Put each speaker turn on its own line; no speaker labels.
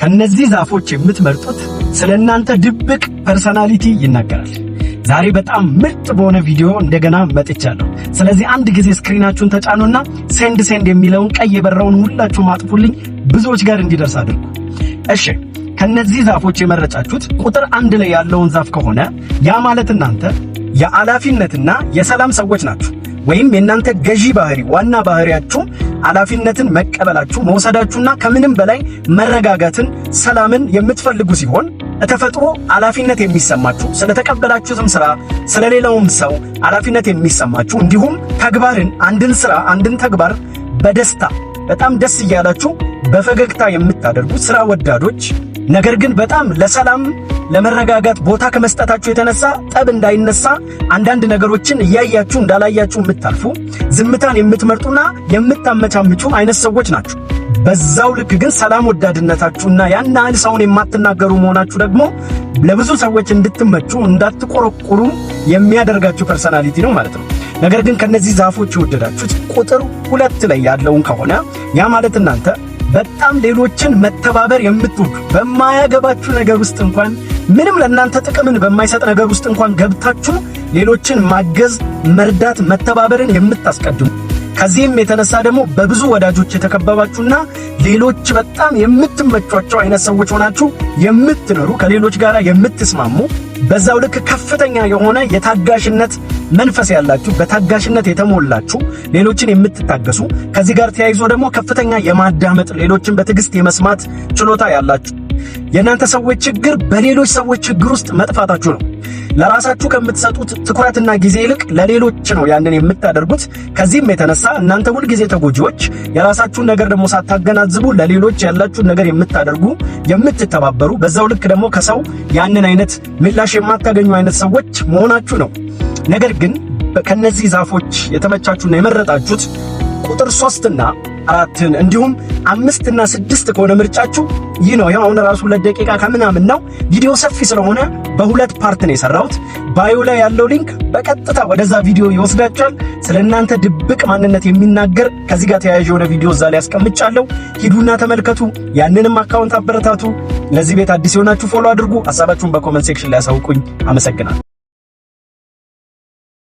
ከነዚህ ዛፎች የምትመርጡት ስለ እናንተ ድብቅ ፐርሰናሊቲ ይናገራል። ዛሬ በጣም ምርጥ በሆነ ቪዲዮ እንደገና መጥቻለሁ። ስለዚህ አንድ ጊዜ ስክሪናችሁን ተጫኑና ሴንድ ሴንድ የሚለውን ቀይ የበራውን ሁላችሁ ማጥፉልኝ ብዙዎች ጋር እንዲደርስ አድርጉ። እሺ ከነዚህ ዛፎች የመረጫችሁት ቁጥር አንድ ላይ ያለውን ዛፍ ከሆነ ያ ማለት እናንተ የአላፊነትና የሰላም ሰዎች ናችሁ፣ ወይም የእናንተ ገዢ ባህሪ ዋና ባህሪያችሁም ኃላፊነትን መቀበላችሁ መውሰዳችሁና ከምንም በላይ መረጋጋትን፣ ሰላምን የምትፈልጉ ሲሆን ተፈጥሮ ኃላፊነት የሚሰማችሁ ስለተቀበላችሁትም ስራ ስለሌላውም ሰው ኃላፊነት የሚሰማችሁ እንዲሁም ተግባርን አንድን ስራ አንድን ተግባር በደስታ በጣም ደስ እያላችሁ በፈገግታ የምታደርጉ ስራ ወዳዶች ነገር ግን በጣም ለሰላም ለመረጋጋት ቦታ ከመስጠታችሁ የተነሳ ጠብ እንዳይነሳ አንዳንድ ነገሮችን እያያችሁ እንዳላያችሁ የምታልፉ ዝምታን የምትመርጡና የምታመቻምቹ አይነት ሰዎች ናችሁ። በዛው ልክ ግን ሰላም ወዳድነታችሁና ያን ያህል ሰውን የማትናገሩ መሆናችሁ ደግሞ ለብዙ ሰዎች እንድትመቹ እንዳትቆረቁሩ የሚያደርጋችሁ ፐርሰናሊቲ ነው ማለት ነው። ነገር ግን ከነዚህ ዛፎች የወደዳችሁት ቁጥር ሁለት ላይ ያለውን ከሆነ ያ ማለት እናንተ በጣም ሌሎችን መተባበር የምትወዱ በማያገባችሁ ነገር ውስጥ እንኳን ምንም ለእናንተ ጥቅምን በማይሰጥ ነገር ውስጥ እንኳን ገብታችሁ ሌሎችን ማገዝ፣ መርዳት፣ መተባበርን የምታስቀድሙ ከዚህም የተነሳ ደግሞ በብዙ ወዳጆች የተከበባችሁና ሌሎች በጣም የምትመቿቸው አይነት ሰዎች ሆናችሁ የምትኖሩ ከሌሎች ጋር የምትስማሙ በዛው ልክ ከፍተኛ የሆነ የታጋሽነት መንፈስ ያላችሁ በታጋሽነት የተሞላችሁ ሌሎችን የምትታገሱ ከዚህ ጋር ተያይዞ ደግሞ ከፍተኛ የማዳመጥ ሌሎችን በትዕግስት የመስማት ችሎታ ያላችሁ የእናንተ ሰዎች ችግር በሌሎች ሰዎች ችግር ውስጥ መጥፋታችሁ ነው። ለራሳችሁ ከምትሰጡት ትኩረትና ጊዜ ይልቅ ለሌሎች ነው ያንን የምታደርጉት። ከዚህም የተነሳ እናንተ ሁልጊዜ ተጎጂዎች፣ የራሳችሁን ነገር ደግሞ ሳታገናዝቡ ለሌሎች ያላችሁን ነገር የምታደርጉ የምትተባበሩ፣ በዛው ልክ ደግሞ ከሰው ያንን አይነት ምላሽ የማታገኙ አይነት ሰዎች መሆናችሁ ነው። ነገር ግን ከነዚህ ዛፎች የተመቻችሁና የመረጣችሁት ቁጥር ሶስትና አራትን እንዲሁም አምስት እና ስድስት ከሆነ ምርጫችሁ ይህ ነው። ይኸው አሁን ራሱ ሁለት ደቂቃ ከምናምን ነው። ቪዲዮ ሰፊ ስለሆነ በሁለት ፓርት ነው የሰራሁት። ባዮ ላይ ያለው ሊንክ በቀጥታ ወደዛ ቪዲዮ ይወስዳችኋል። ስለ እናንተ ድብቅ ማንነት የሚናገር ከዚህ ጋር ተያያዥ የሆነ ቪዲዮ እዛ ላይ ያስቀምጫለሁ። ሂዱና ተመልከቱ። ያንንም አካውንት አበረታቱ። ለዚህ ቤት አዲስ የሆናችሁ ፎሎ አድርጉ። ሀሳባችሁን በኮመንት ሴክሽን ላይ ያሳውቁኝ። አመሰግናለሁ።